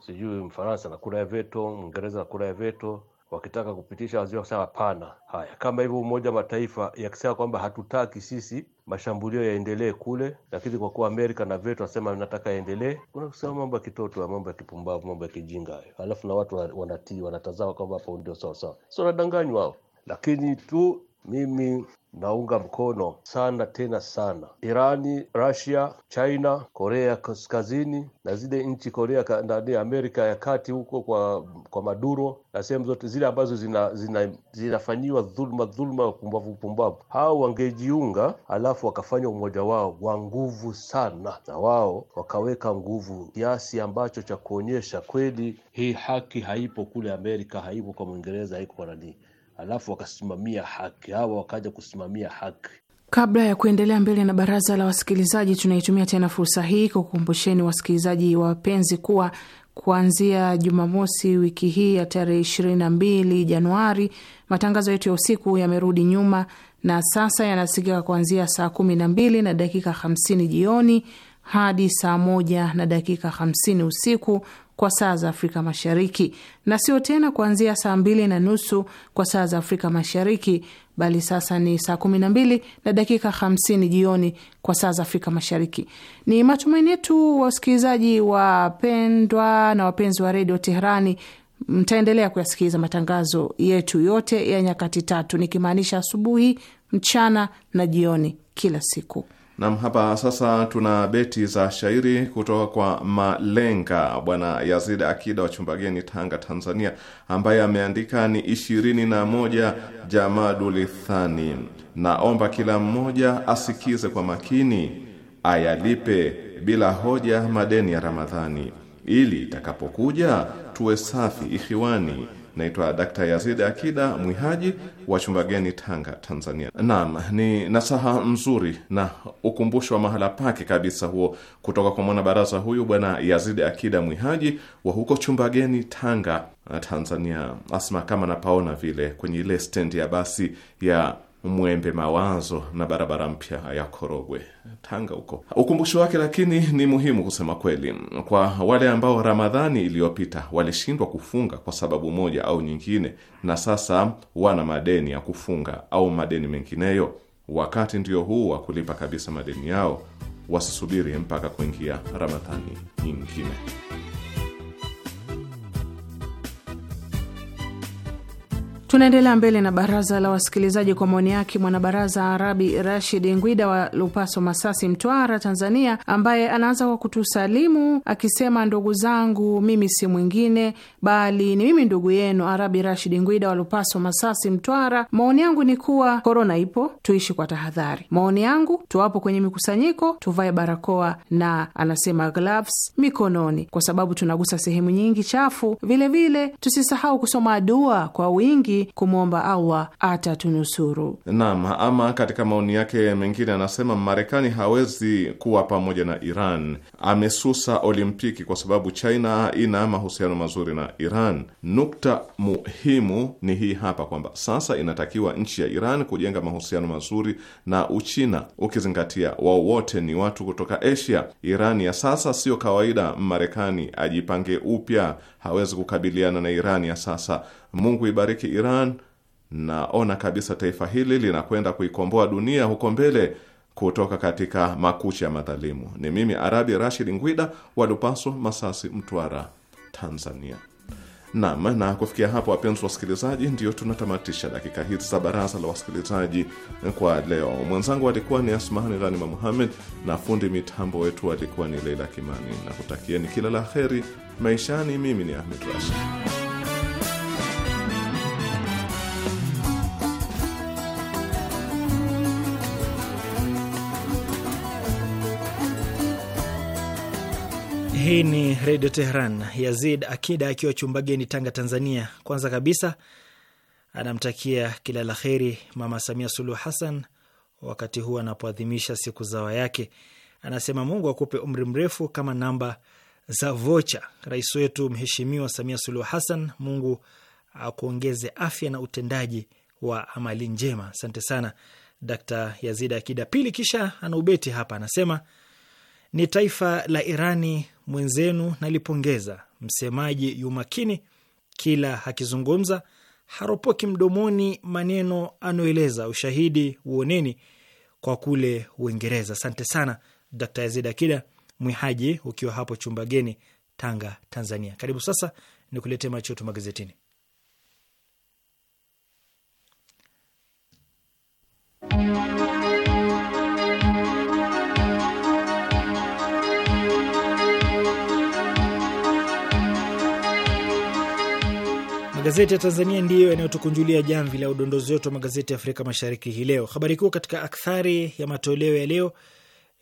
sijui Mfaransa ana kura ya veto, Mwingereza ana kura ya veto wakitaka kupitisha azimio sawa pana. Haya, kama hivyo Umoja wa Mataifa yakisema kwamba hatutaki sisi mashambulio yaendelee kule, lakini kwa kuwa Amerika na vetu wasema nataka yaendelee, kuna kusema mambo ya kitoto, mambo ya kipumbavu, mambo ya kijinga hayo, halafu na watu wanatii, wanatazama kwamba hapo ndio sawasawa, sawa. wanadanganywa hao, lakini tu mimi naunga mkono sana tena sana Irani, Russia, China, Korea Kaskazini na zile nchi Korea ndani Amerika ya Kati huko kwa kwa Maduro na sehemu zote zile ambazo zina, zina, zinafanyiwa dhulma ya upumbavu pumbavu, hao wangejiunga alafu wakafanya umoja wao wa nguvu sana, na wao wakaweka nguvu kiasi ambacho cha kuonyesha kweli hii haki haipo kule Amerika, haipo kwa Mwingereza, haipo kwa nani alafu wakasimamia haki, hawa wakaja kusimamia haki. Kabla ya kuendelea mbele na baraza la wasikilizaji, tunaitumia tena fursa hii kukukumbusheni wasikilizaji wa wapenzi kuwa kuanzia Jumamosi wiki hii ya tarehe ishirini na mbili Januari, matangazo yetu ya usiku yamerudi nyuma na sasa yanasikika kuanzia saa kumi na mbili na dakika hamsini jioni hadi saa moja na dakika hamsini usiku kwa saa za Afrika Mashariki, na sio tena kuanzia saa mbili na nusu kwa saa za Afrika Mashariki, bali sasa ni saa kumi na mbili na dakika hamsini jioni kwa saa za Afrika Mashariki. Ni matumaini yetu wasikilizaji wapendwa na wapenzi wa Redio Teherani mtaendelea kuyasikiliza matangazo yetu yote ya nyakati tatu, nikimaanisha asubuhi, mchana na jioni kila siku. Nam, hapa sasa tuna beti za shairi kutoka kwa Malenga Bwana Yazid Akida wa Chumbageni, Tanga, Tanzania, ambaye ameandika ni ishirini na moja Jamadulithani. Naomba kila mmoja asikize kwa makini, ayalipe bila hoja madeni ya Ramadhani, ili itakapokuja tuwe safi ikhiwani Naitwa Dakta Yazid Akida Mwihaji wa Chumbageni, Tanga, Tanzania. Naam, ni nasaha nzuri na ukumbusho wa mahala pake kabisa huo kutoka kwa mwanabaraza huyu Bwana Yazid Akida Mwihaji wa huko Chumbageni, Tanga, Tanzania. Asma, kama napaona vile kwenye ile stendi ya basi ya Mwembe Mawazo na barabara mpya ya Korogwe Tanga huko. Ukumbusho wake lakini ni muhimu kusema kweli, kwa wale ambao Ramadhani iliyopita walishindwa kufunga kwa sababu moja au nyingine, na sasa wana madeni ya kufunga au madeni mengineyo. Wakati ndio huu wa kulipa kabisa madeni yao, wasisubiri mpaka kuingia Ramadhani nyingine. Tunaendelea mbele na baraza la wasikilizaji kwa maoni yake mwanabaraza Arabi Rashid Ngwida wa Lupaso, Masasi, Mtwara, Tanzania, ambaye anaanza kwa kutusalimu akisema, ndugu zangu, mimi si mwingine bali ni mimi ndugu yenu Arabi Rashid Ngwida wa Lupaso, Masasi, Mtwara. Maoni yangu ni kuwa korona ipo, tuishi kwa tahadhari. Maoni yangu, tuwapo kwenye mikusanyiko tuvae barakoa na anasema gloves mikononi, kwa sababu tunagusa sehemu nyingi chafu. Vilevile tusisahau kusoma dua kwa wingi kumwomba Allah atatunusuru. Naam. Ama katika maoni yake mengine anasema Marekani hawezi kuwa pamoja na Iran, amesusa Olimpiki kwa sababu China ina mahusiano mazuri na Iran. Nukta muhimu ni hii hapa kwamba sasa inatakiwa nchi ya Iran kujenga mahusiano mazuri na Uchina, ukizingatia wao wote ni watu kutoka Asia. Iran ya sasa sio kawaida. Marekani ajipange upya, hawezi kukabiliana na Iran ya sasa. Mungu ibariki Iran. Naona kabisa taifa hili linakwenda kuikomboa dunia huko mbele kutoka katika makuchi ya madhalimu. Ni mimi Arabi Rashid Ngwida wa Lupaso, Masasi, Mtwara, Tanzania. Naam, na kufikia hapo, wapenzi wasikilizaji, ndio tunatamatisha dakika hizi za baraza la wasikilizaji kwa leo. Mwenzangu alikuwa ni Asmahani Ghanima Muhammed na fundi mitambo wetu alikuwa ni Leila Kimani, na kutakieni kila la heri maishani. Mimi ni Ahmed Rashid. Hii ni Redio Tehran. Yazid Akida akiwa Chumbageni, Tanga, Tanzania. Kwanza kabisa anamtakia kila la heri Mama Samia Suluhu Hassan wakati huu anapoadhimisha siku zawa yake. Anasema Mungu akupe umri mrefu kama namba za vocha, rais wetu Mheshimiwa Samia Suluhu Hassan. Mungu akuongeze afya na utendaji wa amali njema. Asante sana Dr. Yazid Akida. Pili, kisha ana ubeti hapa, anasema ni taifa la Irani mwenzenu nalipongeza. Msemaji yumakini, kila akizungumza haropoki mdomoni maneno anoeleza. Ushahidi uoneni kwa kule Uingereza. Asante sana Dr. Yazid Akida Mwihaji, ukiwa hapo chumba geni Tanga, Tanzania. Karibu sasa ni kuletea macho yetu magazetini. Magazeti ya Tanzania ndiyo yanayotukunjulia jamvi la udondozi wetu wa magazeti ya Afrika Mashariki hii leo. Habari kuu katika akthari ya matoleo ya leo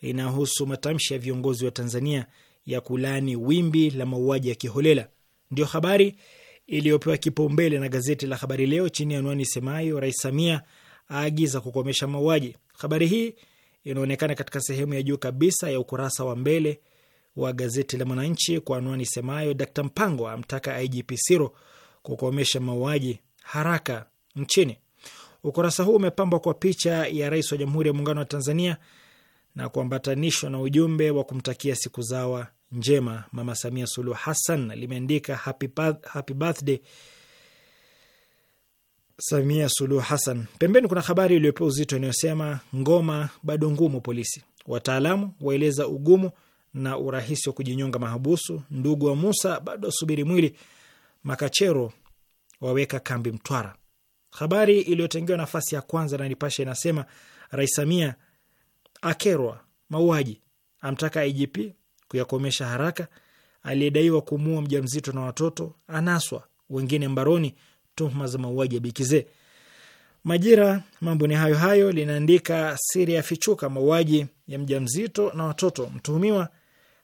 inahusu matamshi ya viongozi wa Tanzania ya kulaani wimbi la mauaji ya kiholela, ndio habari iliyopewa kipaumbele na gazeti la Habari Leo chini ya anwani semayo, Rais Samia aagiza kukomesha mauaji. Habari hii inaonekana katika sehemu ya juu kabisa ya ukurasa wa mbele wa gazeti la Mwananchi kwa anwani semayo, Dkt Mpango amtaka IGP Siro kukomesha mauaji haraka nchini. Ukurasa huu umepambwa kwa picha ya rais wa Jamhuri ya Muungano wa Tanzania na kuambatanishwa na ujumbe wa kumtakia siku zawa njema Mama Samia Suluhu Hassan. Limeandika happy, birth, happy birthday Samia Suluhu Hassan. Pembeni kuna habari iliyopewa uzito inayosema ngoma bado ngumu, polisi wataalamu waeleza ugumu na urahisi wa kujinyonga mahabusu, ndugu wa Musa bado asubiri mwili makachero waweka kambi Mtwara. Habari iliyotengewa nafasi ya kwanza na Nipashe inasema Rais Samia akerwa mauaji, amtaka IGP kuyakomesha haraka, aliyedaiwa kumuua mjamzito na watoto anaswa, wengine mbaroni, tuhuma za mauaji ya Bikize. Majira mambo ni hayo hayo linaandika siri ya fichuka, mauaji ya mjamzito na watoto, mtuhumiwa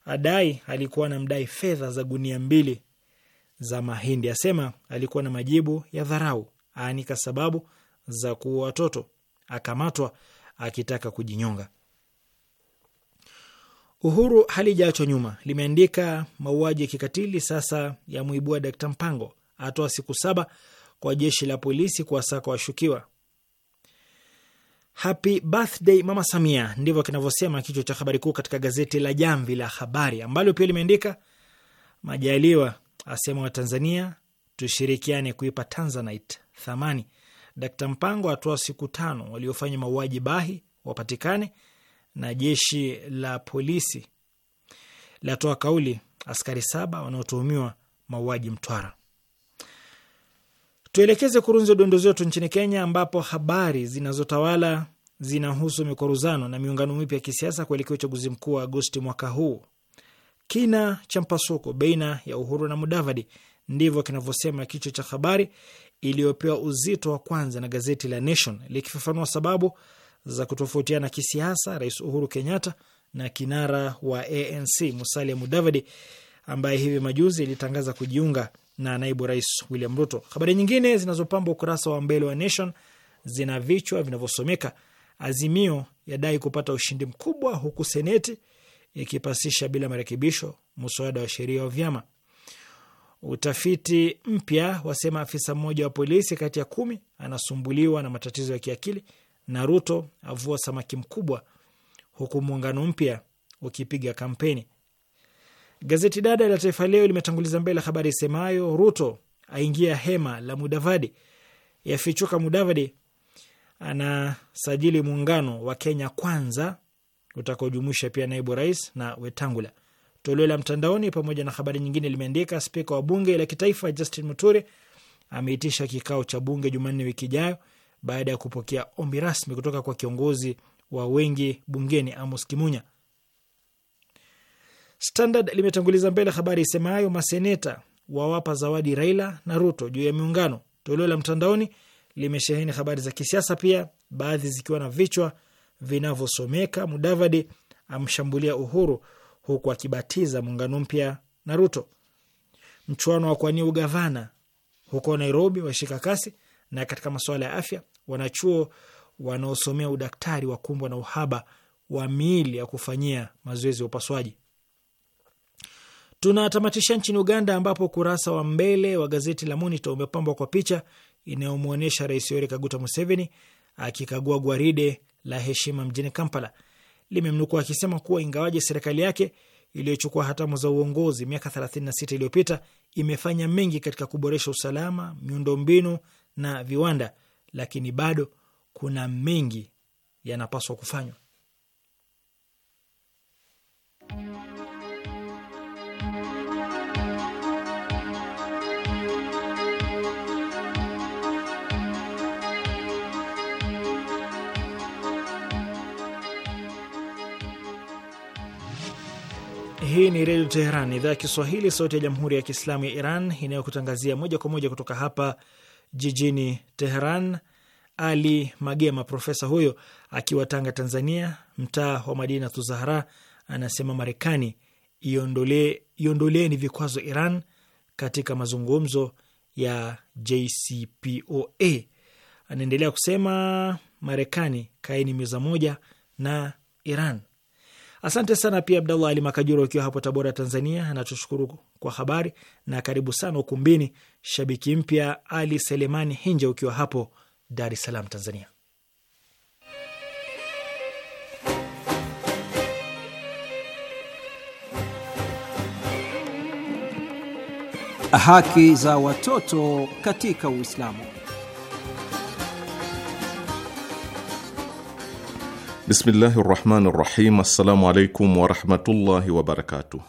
adai alikuwa na mdai fedha za gunia mbili za mahindi. Asema alikuwa na majibu ya dharau, aanika sababu za kuua watoto, akamatwa akitaka kujinyonga. Uhuru halijaachwa nyuma, limeandika mauaji ya kikatili sasa yamwibua Dkt Mpango, atoa siku saba kwa jeshi la polisi kuwasaka washukiwa. Happy birthday Mama Samia, ndivyo kinavyosema kichwa cha habari kuu katika gazeti la Jamvi la Habari, ambalo pia limeandika Majaliwa asema Watanzania tushirikiane kuipa Tanzanite thamani. Dkt Mpango atoa siku tano waliofanya mauaji Bahi wapatikane, na jeshi la polisi latoa kauli askari saba wanaotuhumiwa mauaji Mtwara. Tuelekeze kurunzi dondo zetu nchini Kenya, ambapo habari zinazotawala zinahusu mikoruzano na miungano mipya ya kisiasa kuelekea uchaguzi mkuu wa Agosti mwaka huu kina cha mpasuko baina ya Uhuru na Mudavadi, ndivyo kinavyosema kichwa cha habari iliyopewa uzito wa kwanza na gazeti la Nation, likifafanua sababu za kutofautiana kisiasa Rais Uhuru Kenyatta na kinara wa ANC Musalia Mudavadi, ambaye hivi majuzi ilitangaza kujiunga na naibu rais William Ruto. Habari nyingine zinazopamba ukurasa wa mbele wa Nation zina vichwa vinavyosomeka: Azimio yadai kupata ushindi mkubwa huku Seneti ikipasisha bila marekebisho mswada wa sheria wa vyama. Utafiti mpya wasema afisa mmoja wa polisi kati ya kumi anasumbuliwa na matatizo ya kiakili, na Ruto avua samaki mkubwa, huku muungano mpya ukipiga kampeni. Gazeti dada la Taifa Leo limetanguliza mbele habari isemayo Ruto aingia hema la Mudavadi, yafichuka Mudavadi anasajili muungano wa Kenya Kwanza utakaojumuisha pia naibu rais na Wetangula. Toleo la mtandaoni pamoja na habari nyingine limeandika spika wa bunge la kitaifa Justin Muturi ameitisha kikao cha bunge Jumanne wiki ijayo baada ya kupokea ombi rasmi kutoka kwa kiongozi wa wengi bungeni Amos Kimunya. Standard limetanguliza mbele habari isemayo maseneta wawapa zawadi Raila na Ruto juu ya miungano. Toleo la mtandaoni limesheheni habari za kisiasa pia, baadhi zikiwa na vichwa vinavyosomeka Mudavadi amshambulia Uhuru huku akibatiza muungano mpya na Ruto. Mchuano wa kuwania ugavana huko Nairobi washika kasi, na katika masuala ya afya wanachuo wanaosomea udaktari wa kumbwa na uhaba wa miili ya kufanyia mazoezi ya upasuaji. Tunatamatisha nchini Uganda, ambapo ukurasa wa mbele wa gazeti la Monitor umepambwa kwa picha inayomwonyesha Rais Yoweri Kaguta Museveni akikagua gwaride la heshima mjini Kampala limemnukuu akisema kuwa ingawaje serikali yake iliyochukua hatamu za uongozi miaka 36 iliyopita imefanya mengi katika kuboresha usalama, miundombinu na viwanda, lakini bado kuna mengi yanapaswa kufanywa. Hii ni Redio Teheran, idhaa ya Kiswahili, sauti ya Jamhuri ya Kiislamu ya Iran, inayokutangazia moja kwa moja kutoka hapa jijini Teheran. Ali Magema, profesa huyo akiwa Tanga, Tanzania, mtaa wa Madina Tuzahara, anasema Marekani iondoleeni vikwazo Iran katika mazungumzo ya JCPOA. Anaendelea kusema Marekani, kaeni meza moja na Iran. Asante sana pia Abdallah Ali makajura ukiwa hapo Tabora, Tanzania, anatushukuru kwa habari na karibu sana ukumbini. Shabiki mpya Ali Selemani Hinja ukiwa hapo Dar es Salaam, Tanzania. Haki za watoto katika Uislamu. Bismillahi rahmani rahim. Assalamu alaikum warahmatullahi wabarakatuh.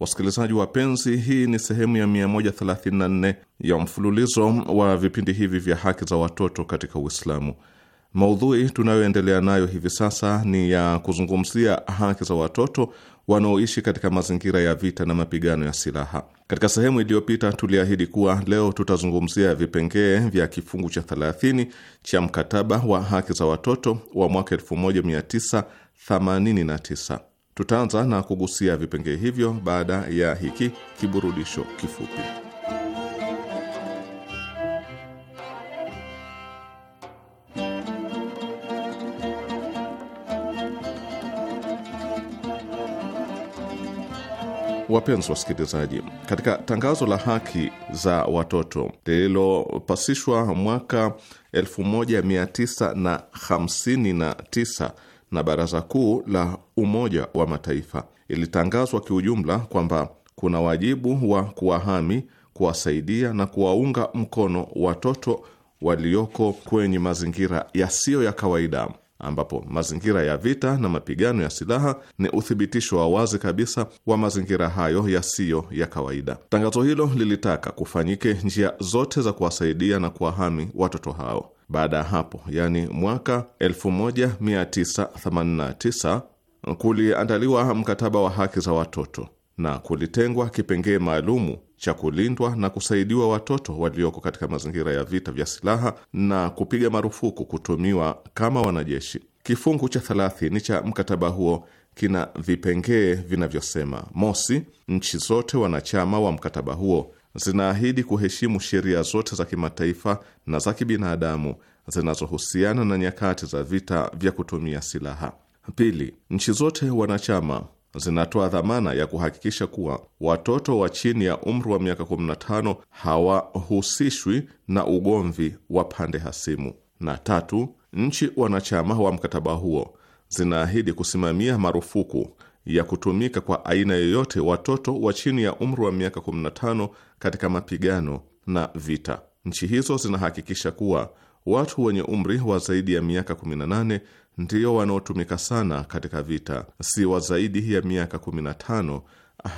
Wasikilizaji wapenzi, hii ni sehemu ya 134 ya mfululizo wa vipindi hivi vya haki za watoto katika Uislamu. Maudhui tunayoendelea nayo hivi sasa ni ya kuzungumzia haki za watoto wanaoishi katika mazingira ya vita na mapigano ya silaha. Katika sehemu iliyopita, tuliahidi kuwa leo tutazungumzia vipengee vya kifungu cha 30 cha mkataba wa haki za watoto wa mwaka 1989. Tutaanza na kugusia vipengee hivyo baada ya hiki kiburudisho kifupi. Wapenzi wasikilizaji, katika tangazo la haki za watoto lililopasishwa mwaka 1959 na Baraza Kuu la Umoja wa Mataifa, ilitangazwa kiujumla kwamba kuna wajibu wa kuwahami, kuwasaidia na kuwaunga mkono watoto walioko kwenye mazingira yasiyo ya kawaida ambapo mazingira ya vita na mapigano ya silaha ni uthibitisho wa wazi kabisa wa mazingira hayo yasiyo ya kawaida. Tangazo hilo lilitaka kufanyike njia zote za kuwasaidia na kuwahami watoto hao. Baada ya hapo, yaani mwaka 1989 kuliandaliwa mkataba wa haki za watoto na kulitengwa kipengee maalumu cha kulindwa na kusaidiwa watoto walioko katika mazingira ya vita vya silaha na kupiga marufuku kutumiwa kama wanajeshi. Kifungu cha thelathini cha mkataba huo kina vipengee vinavyosema: mosi, nchi zote wanachama wa mkataba huo zinaahidi kuheshimu sheria zote za kimataifa na za kibinadamu zinazohusiana na nyakati za vita vya kutumia silaha. Pili, nchi zote wanachama zinatoa dhamana ya kuhakikisha kuwa watoto wa chini ya umri wa miaka 15 hawahusishwi na ugomvi wa pande hasimu. Na tatu, nchi wanachama wa mkataba huo zinaahidi kusimamia marufuku ya kutumika kwa aina yoyote watoto wa chini ya umri wa miaka 15 katika mapigano na vita. Nchi hizo zinahakikisha kuwa watu wenye umri wa zaidi ya miaka 18 ndiyo wanaotumika sana katika vita, si wa zaidi ya miaka 15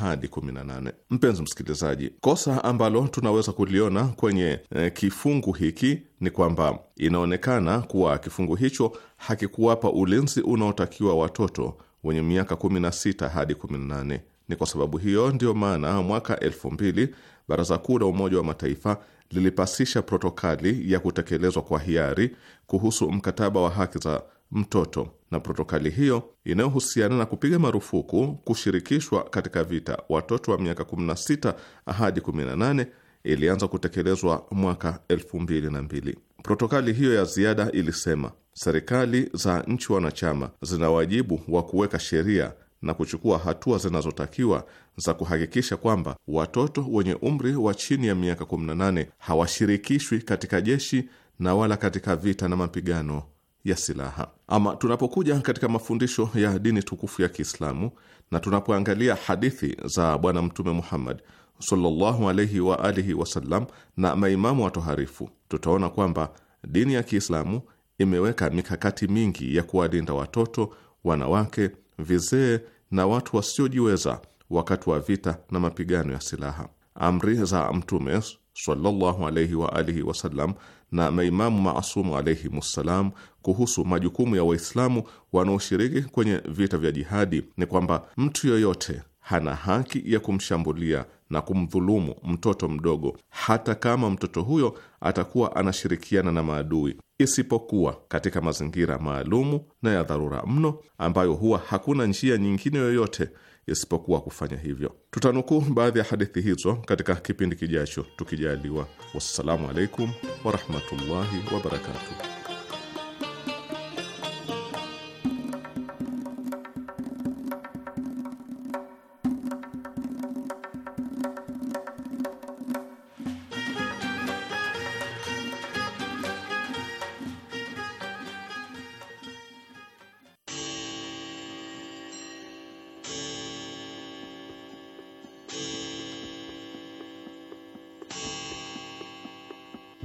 hadi 18. Mpenzi msikilizaji, kosa ambalo tunaweza kuliona kwenye eh, kifungu hiki ni kwamba inaonekana kuwa kifungu hicho hakikuwapa ulinzi unaotakiwa watoto wenye miaka 16 hadi 18. Ni kwa sababu hiyo ndiyo maana mwaka elfu mbili Baraza Kuu la Umoja wa Mataifa lilipasisha protokali ya kutekelezwa kwa hiari kuhusu mkataba wa haki za mtoto na protokali hiyo inayohusiana na kupiga marufuku kushirikishwa katika vita watoto wa miaka 16 hadi 18 ilianza kutekelezwa mwaka 2002. Protokali hiyo ya ziada ilisema serikali za nchi wanachama zina wajibu wa kuweka sheria na kuchukua hatua zinazotakiwa za kuhakikisha kwamba watoto wenye umri wa chini ya miaka 18 hawashirikishwi katika jeshi na wala katika vita na mapigano ya silaha. Ama tunapokuja katika mafundisho ya dini tukufu ya Kiislamu na tunapoangalia hadithi za Bwana Mtume Muhammad sallallahu alaihi wa alihi wasallam na maimamu watoharifu, tutaona kwamba dini ya Kiislamu imeweka mikakati mingi ya kuwalinda watoto, wanawake, vizee na watu wasiojiweza wakati wa vita na mapigano ya silaha. Amri za Mtume sallallahu alaihi wa alihi wasallam na maimamu maasumu alaihimussalam kuhusu majukumu ya Waislamu wanaoshiriki kwenye vita vya jihadi ni kwamba mtu yoyote hana haki ya kumshambulia na kumdhulumu mtoto mdogo, hata kama mtoto huyo atakuwa anashirikiana na maadui, isipokuwa katika mazingira maalumu na ya dharura mno, ambayo huwa hakuna njia nyingine yoyote isipokuwa kufanya hivyo. Tutanukuu baadhi ya hadithi hizo katika kipindi kijacho tukijaliwa. Wassalamu alaikum warahmatullahi wabarakatuh.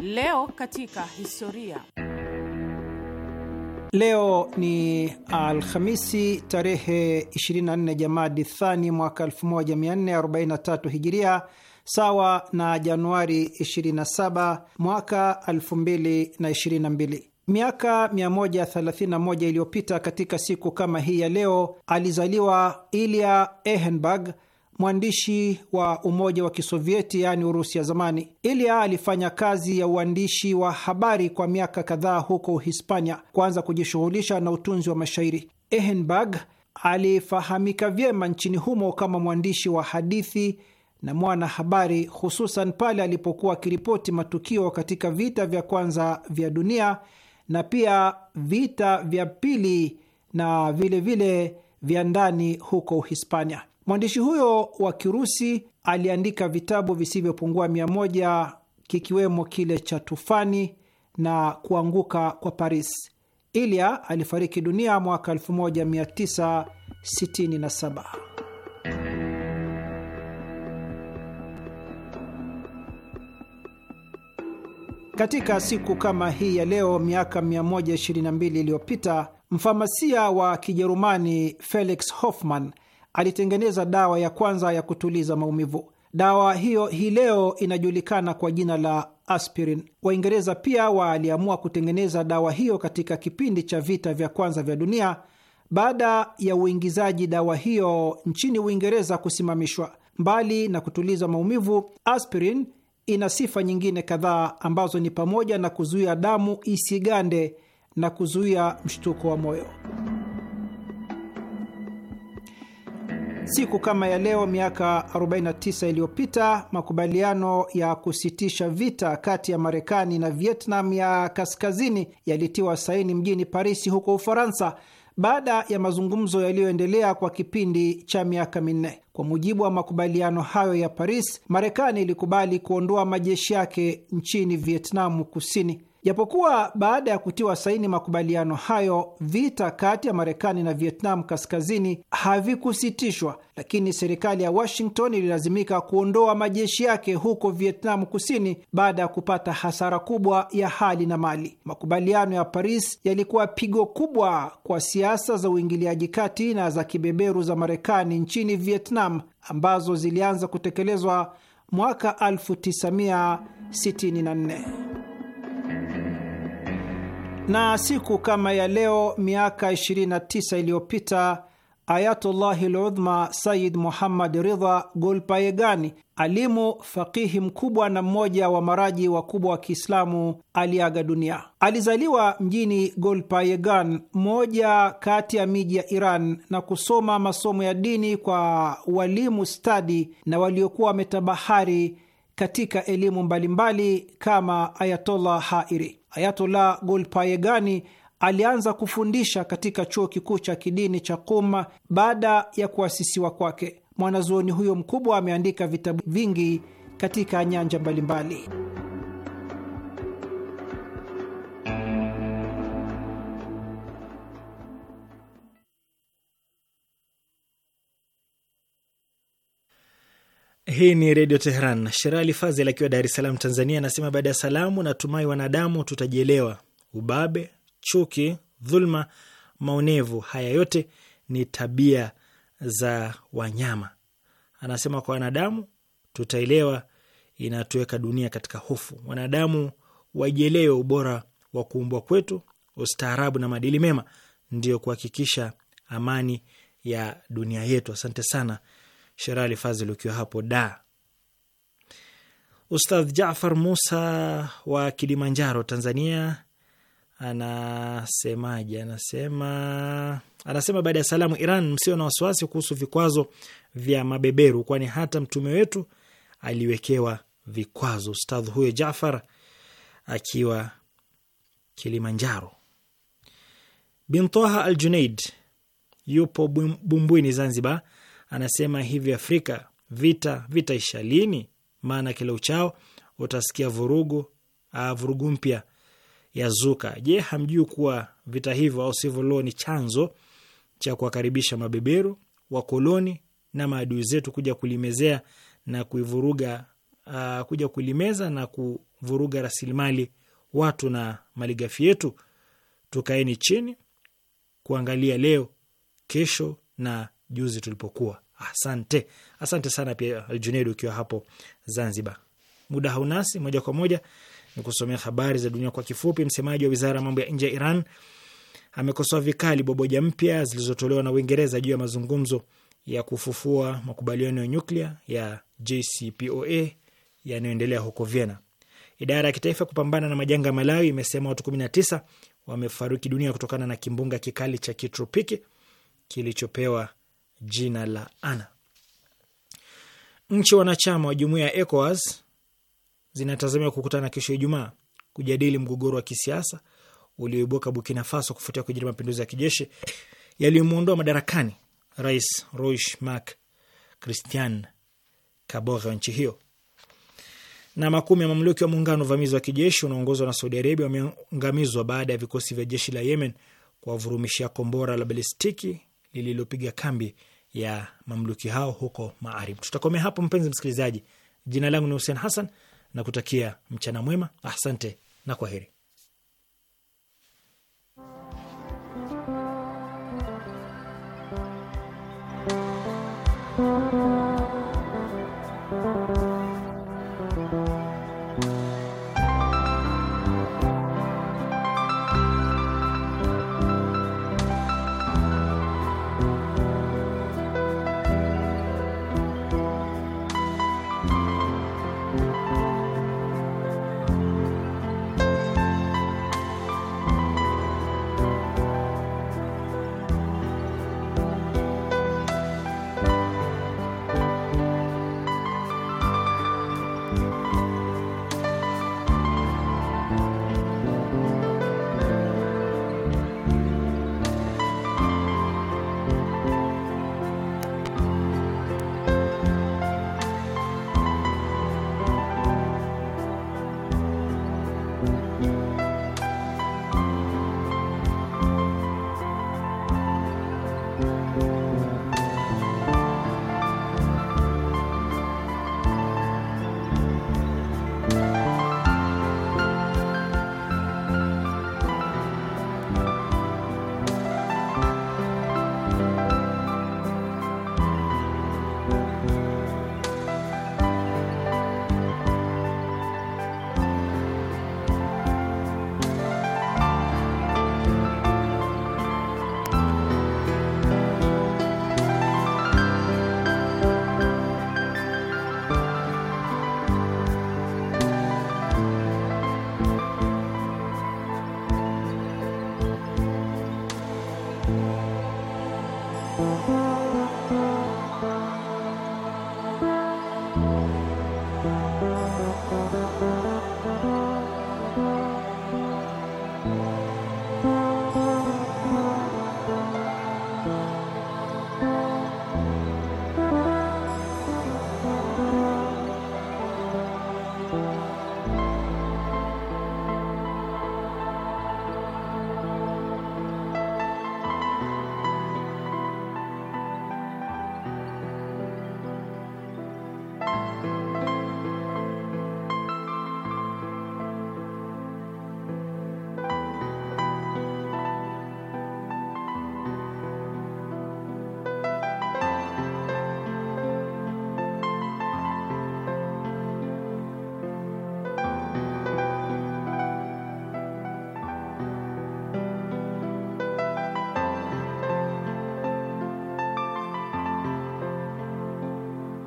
Leo katika historia. Leo ni Alhamisi tarehe 24 Jamadi Thani mwaka 1443 Hijiria, sawa na Januari 27 mwaka 2022. Miaka 131 iliyopita katika siku kama hii ya leo alizaliwa Ilya ehenberg mwandishi wa Umoja wa Kisovieti, yaani Urusi ya zamani. Ilya alifanya kazi ya uandishi wa habari kwa miaka kadhaa huko Uhispania, kuanza kujishughulisha na utunzi wa mashairi. Ehrenberg alifahamika vyema nchini humo kama mwandishi wa hadithi na mwana habari, hususan pale alipokuwa akiripoti matukio katika vita vya kwanza vya dunia na pia vita vya pili na vilevile vya ndani huko Uhispania. Mwandishi huyo wa Kirusi aliandika vitabu visivyopungua mia moja kikiwemo kile cha tufani na kuanguka kwa Paris. Ilya alifariki dunia mwaka 1967. Katika siku kama hii ya leo miaka 122 iliyopita mfamasia wa Kijerumani Felix Hoffmann alitengeneza dawa ya kwanza ya kutuliza maumivu. Dawa hiyo hii leo inajulikana kwa jina la aspirin. Waingereza pia waliamua kutengeneza dawa hiyo katika kipindi cha vita vya kwanza vya dunia baada ya uingizaji dawa hiyo nchini Uingereza kusimamishwa. Mbali na kutuliza maumivu, aspirin ina sifa nyingine kadhaa ambazo ni pamoja na kuzuia damu isigande na kuzuia mshtuko wa moyo. Siku kama ya leo miaka 49 iliyopita makubaliano ya kusitisha vita kati ya Marekani na Vietnam ya Kaskazini yalitiwa saini mjini Parisi huko Ufaransa baada ya mazungumzo yaliyoendelea kwa kipindi cha miaka minne. Kwa mujibu wa makubaliano hayo ya Paris, Marekani ilikubali kuondoa majeshi yake nchini Vietnamu Kusini. Japokuwa baada ya kutiwa saini makubaliano hayo, vita kati ya Marekani na Vietnam Kaskazini havikusitishwa, lakini serikali ya Washington ililazimika kuondoa majeshi yake huko Vietnam Kusini baada ya kupata hasara kubwa ya hali na mali. Makubaliano ya Paris yalikuwa pigo kubwa kwa siasa za uingiliaji kati na za kibeberu za Marekani nchini Vietnam ambazo zilianza kutekelezwa mwaka 1964. Na siku kama ya leo miaka 29 iliyopita Ayatullahi Ludhma Sayid Muhammad Ridha Golpayegani, alimu fakihi mkubwa na mmoja wa maraji wakubwa wa Kiislamu, aliaga dunia. Alizaliwa mjini Golpayegan, moja kati ya miji ya Iran, na kusoma masomo ya dini kwa walimu stadi na waliokuwa wametabahari katika elimu mbalimbali kama Ayatollah Hairi. Ayatollah Golpayegani alianza kufundisha katika chuo kikuu cha kidini cha Qum baada ya kuasisiwa kwake. Mwanazuoni huyo mkubwa ameandika vitabu vingi katika nyanja mbalimbali. Hii ni Redio Teheran. Sherali Fazel akiwa Dar es Salaam, Tanzania, anasema baada ya salamu, natumai wanadamu tutajielewa. Ubabe, chuki, dhulma, maonevu, haya yote ni tabia za wanyama. Anasema kwa wanadamu tutaelewa, inatuweka dunia katika hofu. Wanadamu wajielewe ubora wa kuumbwa kwetu, ustaarabu na maadili mema ndiyo kuhakikisha amani ya dunia yetu. Asante sana Sherali Fazil ukiwa hapo da. Ustadh Jafar Musa wa Kilimanjaro, Tanzania, anasemaje? Anasema, anasema baada ya salamu, Iran msio na wasiwasi kuhusu vikwazo vya mabeberu, kwani hata mtume wetu aliwekewa vikwazo. Ustadh huyo Jafar akiwa Kilimanjaro. Bintoha Al Junaid yupo Bumbwini, Zanzibar, Anasema hivi, Afrika vita vitaisha lini? Maana kila uchao utasikia vurugu ah, vurugu mpya yazuka. Je, hamjui kuwa vita hivyo au sivyo leo ni chanzo cha kuwakaribisha mabeberu, wakoloni na maadui zetu kuja kulimezea na kuivuruga Uh, kuja kulimeza na kuvuruga rasilimali watu na malighafi yetu. Tukaeni chini kuangalia leo, kesho na juzi tulipokuwa. Asante, asante sana pia Aljuneidi, ukiwa hapo Zanzibar. Muda haunasi, moja kwa moja ni kusomea habari za dunia kwa kifupi. Msemaji wa wizara ya mambo ya nje ya Iran amekosoa vikali boboja mpya zilizotolewa na Uingereza juu ya mazungumzo ya kufufua makubaliano ya nyuklia ya JCPOA yanayoendelea huko Vienna. Idara ya kitaifa kupambana na majanga Malawi imesema watu 19 wamefariki dunia kutokana na kimbunga kikali cha kitropiki kilichopewa jina la ana. Nchi wanachama wa jumuiya ya ECOWAS zinatazamiwa kukutana kesho Ijumaa kujadili mgogoro wa kisiasa ulioibuka Burkina Faso kufuatia kujiri mapinduzi ya kijeshi yaliyomwondoa madarakani Rais Roch Marc Christian Kabore wa nchi hiyo. Na makumi ya mamluki wa muungano uvamizi wa kijeshi unaongozwa na Saudi Arabia wameangamizwa baada ya vikosi vya jeshi la Yemen kuwavurumishia kombora la balistiki lililopiga kambi ya mamluki hao huko Maarib. Tutakomea hapo mpenzi msikilizaji. Jina langu ni Hussein Hassan na kutakia mchana mwema. Asante na kwaheri.